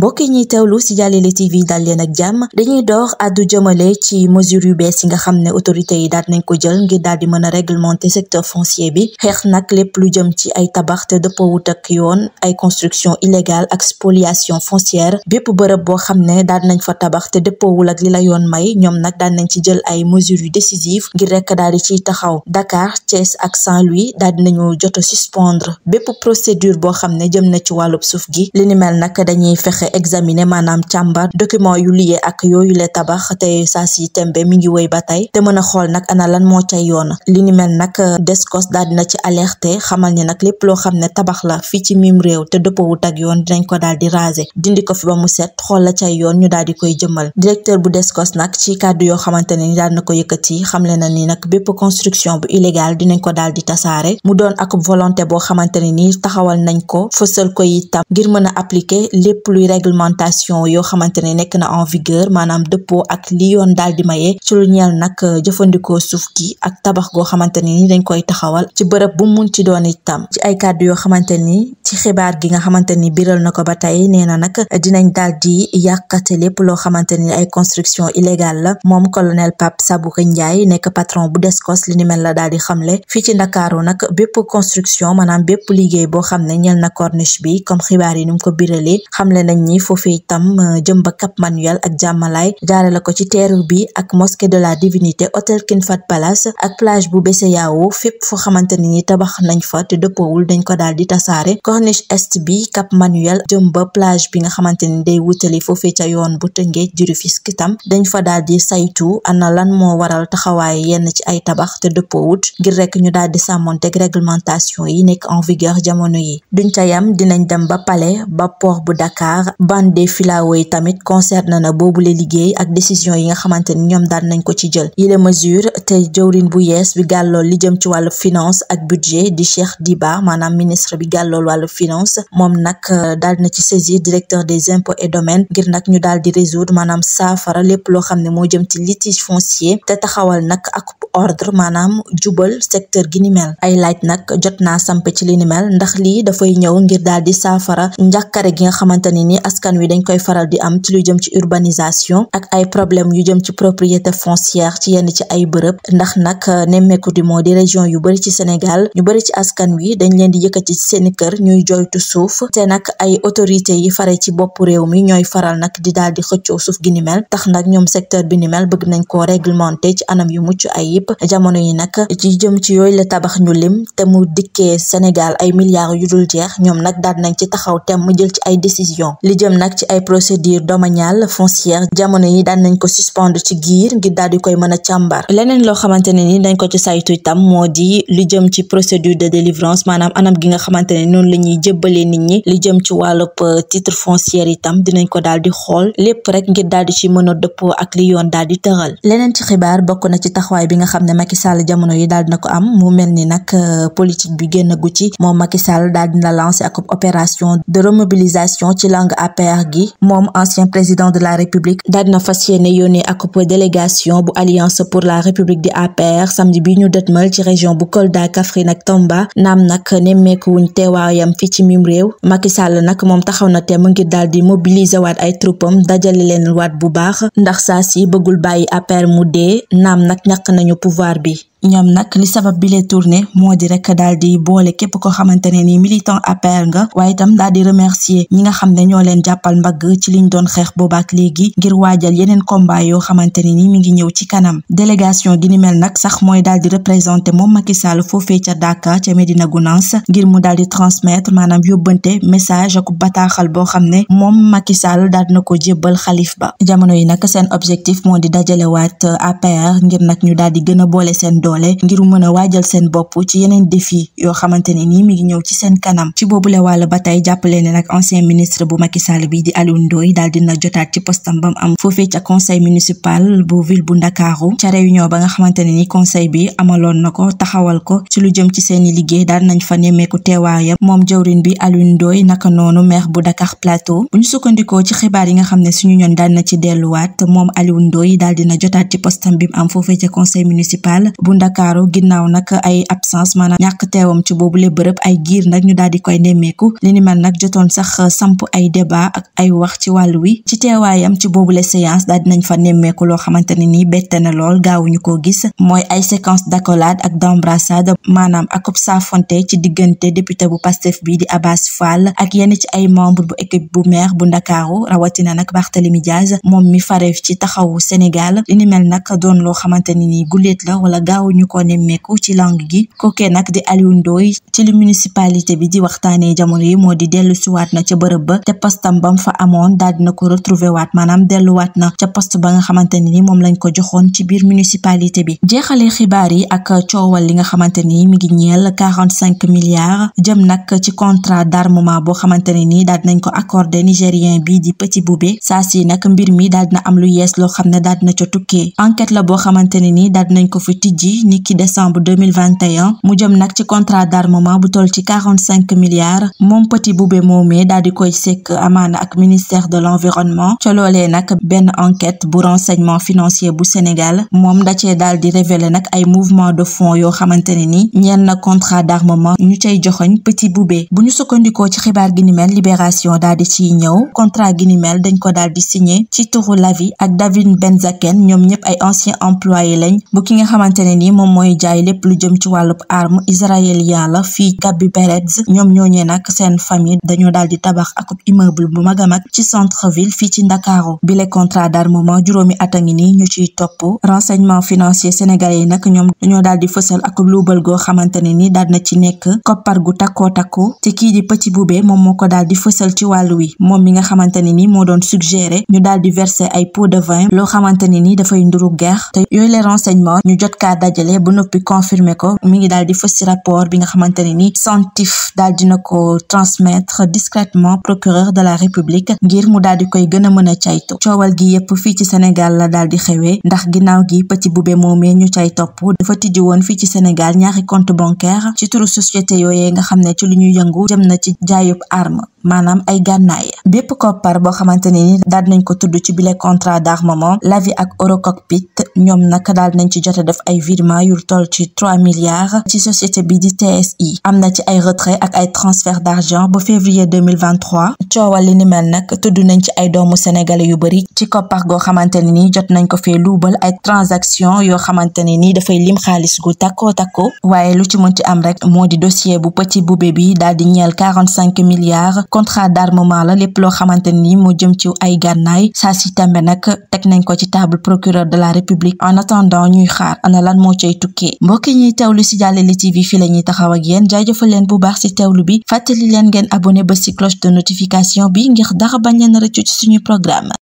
mbokk yi ñuy teewlu si Jàllale TV daal leen ak jàmm dañuy door addu jëmale ci mesure yu bees yi nga xam ne autorités yi daal nañ ko jël ngir daal di mën a te secteur foncier bi xeex nag lépp lu jëm ci ay tabax te dëppoowut ak yoon ay construction illégale ak spoliation foncière bépp bërëb boo xam ne daal nañ fa tabax te dëppoowul ak li la yoon may ñoom nag daal nañ ci jël ay mesures yu décisives ngir rekk daal di ciy taxaw Dakar Thiès ak Saint-Louis daal dinañu jot a suspendre boo xam ne jëm na ci wàllub suuf gi examiner maanaam càmbar document yu lié ak yooyu le tabax te saa si tembe mi ngi wéy ba tey te mën a xool nag ana lan moo cay yoon li ni mel nag DSCOS daal dina ci alerter xamal ni nag lépp loo xam ne tabax la fii ci mim réew te dëppawut ak yoon dinañ ko daal di raser dindi ko fi ba mu set xool la cay yoon ñu daal di koy jëmal directeur bu DSCOS nag ci kàddu yoo xamante ne ni daal na ko yëkkati xamle na ni nag bépp construction bu illégale dinañ ko daal di tasaare mu doon ak volonté boo xamante ne ni taxawal nañ ko fësal ko ngir mën a appliquer réglementation yoo xamante ne nekk na en vigueur maanaam dëppoo ak li yoon daal di maye ci lu ñeel nag euh, jëfandikoo suuf gi ak tabax goo xamante ni dañ koy taxawal ci bërëb bu mun ci doon itam ci ay kàddu yoo xamante ni ci xibaar gi nga xamante ni biral na ko ba tey nee na nag euh, dinañ daal di yàqate lépp loo xamante ni ay construction illégale la moom colonel Pape Sabouka njaay nekk patron bu Descos li ni mel la daal di xamle fii ci Ndakaaru nag bépp construction maanaam bépp liggéey boo xam ne ñeel na corniche bi ñi foofee itam euh, jëm ba Cap Manuel ak jàmmalaay jaare la ko ci teeru bi ak mosquée de la divinité hôtel King Fahd Palace ak plage bu Besseyao fépp foo xamante ne ni tabax nañ fa te dëppoowul dañ ko daal di tasaare corniche est bi Cap Manuel jëm ba plage bi nga xamante ni day wutali foofee ca yoon bu Tëngéej di Rufisque itam dañ fa daal di saytu ana lan moo waral taxawaay yenn ci ay tabax te dëppoowut ngir rekk ñu daal di sàmmonteeg réglementation yi nekk en vigueur yi duñ ca yam bande des filaos yi tamit concerne na boobu boobule liggéey ak décision yi nga xamante ni ñoom daal nañ ko ci jël yile mesure te jëwrin bu yees bi gàllool li jëm ci wàllu finance ak budget di Cheikh Diba maanaam ministre bi gàllool wàllu finance moom nag euh, daal na ci saisir directeur des impôts et domaines ngir nag ñu daal di résoudre maanaam saafara lépp loo xam ne moo jëm ci litige foncier te taxawal nag ak ordre maanaam jubal secteur ginimel ay laaj nag jot naa samp ci li ndax lii dafay ñëw ngir daal di saafara njàkkare gi nga xamante ne ni askan wi dañ koy faral di am ci lu jëm ci urbanisation ak ay problème yu jëm ci propriété foncière ci yenn ci ay bërëb ndax nag euh, nemmeeku di moo di région yu bëri ci Sénégal ñu bëri ci askan wi dañ leen di yëkkati ci seeni kër ñuy joytu suuf te nag ay autorité yi fare ci bopp réew mi ñooy faral nag di daal di xëccoo suuf gi ni tax nag ñoom secteur bi ni bëgg nañ koo réglementer ci anam yu mucc ayib ayib jamono yi nag ci jëm ci yooyu la tabax ñu lim te mu dikkee Sénégal ay milliards yu dul jeex ñoom nag daal nañ ci taxaw temm jël ci ay décision li jëm nag ci ay procédure domaniale foncière jamono yi daan nañ ko suspendre ci giir ngir daal di koy mën a càmbar leneen loo xamante ne ni dañ ko ci saytu itam moo di li jëm ci procédure de délivrance maanaam anam gi nga xamante ne noonu la ñuy jëbbalee nit ñi li jëm ci wàllub euh, titre foncière tam dinañ ko daal di xool lépp rek ngir daal di ci mën a dëppoo ak li yoon daal di tëral leneen ci xibaar bokk na ci taxawaay bi nga xam ne Macky Sall jamono yi daal dina ko am mu mel ni nag euh, politique bi génn gu ci moom Macky Sall di na lancé ak opération de remobilisation ci langue APR gi moom ancien président de la République daal na fas yéene yónnee ak délégation bu Alliance pour la République di APR samedi bi ñu dëtmal ci région bu Kolda Kaffrine ak Tamba naam nag nemmeeku wuñ teewaayam fii ci mim réew Macky Sall nag moom taxaw na te mu ngir daal di mobiliser waat ay troupam dajale leen waat bu baax ndax saa si bëggul bàyyi APR mu dee naam nag ñàkk pouvoir bi ñoom nag li sabab bi le tournée moo di rek daal di boole képp koo xamante ne ni militant APR nga waaye itam daal di remercier ñi nga xam ne ñoo leen jàppal mbag ci li ñu doon xeex boobaak léegi ngir waajal yeneen combat yoo xamante ne ni mi ngi ñëw ci kanam délégation gi ni mel nag sax mooy daal di représenté moom Macky Sall foofee ca Dakar ca Médina Gounass ngir mu daal di transmettre maanaam yóbbante message ku bataaxal boo xam ne moom Macky Sall daal dina ko jébbal xalif jamono yi nag seen objectif moo di dajalewaat APR ngir nag ñu daal di gën a boole seen doole doole ngir mën a waajal seen bopp ci yeneen défi yoo xamante nii mi ngi ñëw ci seen kanam ci boobule wàll ba tey jàppale ne ancien ministre bu Macky Sall bi di Alioune Ndoye daal dina jotaat ci postam bu ville bu Ndakaaru ba nga xamante ne ni conseil bi amaloon na ko taxawal ko ci lu jëm ci seeni liggéey daal nañ fa nemmeeku teewaayam moom jawrin bi Alioune Ndoye naka noonu bu Dakar Plateau bu ñu sukkandikoo ci yi nga xam ne suñu ñoon daal na ci delluwaat moom Alioune Ndoye daal dina jotaat ci mu am foofee ca conseil municipal bu ndakaaru ginnaaw nag ay absence maanaam ñàkk teewam ci boobu le bërëb ay giir nag ñu daal di koy nemmeeku li ni man nag jotoon sax samp ay débat ak ay wax ci wàll wi ci teewaayam ci boobu boobule séance daal dinañ fa nemmeeku loo xamante ne nii bette na lool gaawuñu koo gis mooy ay séquence d'accolade ak d'embrassade maanaam akub saafonte ci diggante député bu Pastef bii di Abass Fall ak yenn ci ay membre bu équipe bu maire bu ndakaaru rawatina nag Barthélemy Diaz moom mi fareef ci taxawu Sénégal li nag doon loo xamante ne nii guléet xaw ñu ko nemmeeku ci langue gi kookee nag di Aliou Ndoye ci li municipalité bi di waxtaanee jamono yi moo di dellu siwaat na ca bërëb ba te postam bam fa amoon daal na ko retrouver waat maanaam waat na ca poste ba nga xamante ne ni moom lañ ko joxoon ci biir municipalité bi jeexale xibaar yi ak coowal li nga xamante ni mi ngi ñeel quarante cinq milliards jëm nag ci contrat d'armement boo xamante ne ni daal dinañ ko accordé nigérien bi di Petit Boubé saa si nag mbir mi daal dina lu yees loo xam ne daal dina ca tukkee enquête la bi niki décembre 2021 mu jëm nag ci contrat d'armement bu toll ci 45 milliards moom Petit Boubé moomee daal di koy sekk amaana ak ministère de l'environnement ca loolee nag benn enquête bu renseignement financier bu Sénégal moom da cee daal di révéler nag ay mouvement de fonds yoo xamante ne ni ñeen na contrat d'armement ñu cay joxoñ Petit Boubé bu ñu sukkandikoo ci xibaar gi ni mel libération daal di ciy ñëw contrat gi dañ ko daal di signé ci turu Lavi ak David Benzaken ñoom ñëpp ay anciens ni moom mooy jaay lépp lu jëm ci wàllub arme israélien la fii Gabi Perez ñoom ñooñee nag seen famille dañoo daal tabax ak immeuble bu mag ci centre ville fii ci Ndakaaru bile contrat d'armement juróomi at a ngi nii ñu ciy topp renseignement financier sénégalais yi nag ñoom dañoo daal di fësal ak luubal goo xamante ne ni daal na ci nekk koppar gu takkoo takku te kii di Petit Boubé moom moo ko daal di fësal ci wàllu wi moom mi nga xamante ne ni moo doon suggéré ñu daal di de vin loo xamante ne dajale ba noppi confirmé ko mu ngi daal di fës ci rapport bi nga xamante ne ni Centif daal dina ko transmettre discrètement procureur de la République ngir mu daal di koy gën a mën a caytu coowal gi yëpp fii ci Sénégal la daal di xewee ndax ginnaaw gi Petit Boubé moomee ñu cay topp dafa tijji woon fii ci Sénégal ñaari compte bancaire ci turu société yooyee nga xam ne ci lu ñu yëngu jëm na ci jaayub arme maanaam ay gànnaay bépp koppar boo xamante ne ni daal nañ ko tudd ci bile contrat d'armement Lavi ak Eurocopit ñoom nag daal nañ ci jot a def ay virements yu toll ci trois milliards ci société bi di TSI am na ci ay retrait ak ay transfert d'argent ba février 2023 coowal li ni mel nag tudd nañ ci ay doomu sénégalais yu bëri ci koppar goo xamante ne ni jot nañ ko fee luubal ay transaction yoo xamante ne ni dafay lim xaalis gu takko takko waaye lu ci mën ci am rek moo di dossier bu petit boubé bi daal di ñeel quarante cinq milliards contrat d'armement la lépp loo xamante ni mu jëm ci ay gànnaay saa si tambe nag teg nañ ko ci table procureur de la république en attendant ñuy xaar ana lan moo cay tukkee mbokk ñuy teewlu si Jàllale TV fii la ñuy taxaw ak yéen jaajëfal leen bu baax si teewlu bi fàttali leen ngeen abonné ba si de notification bi ngir dara bañ leen rëccu ci suñu programme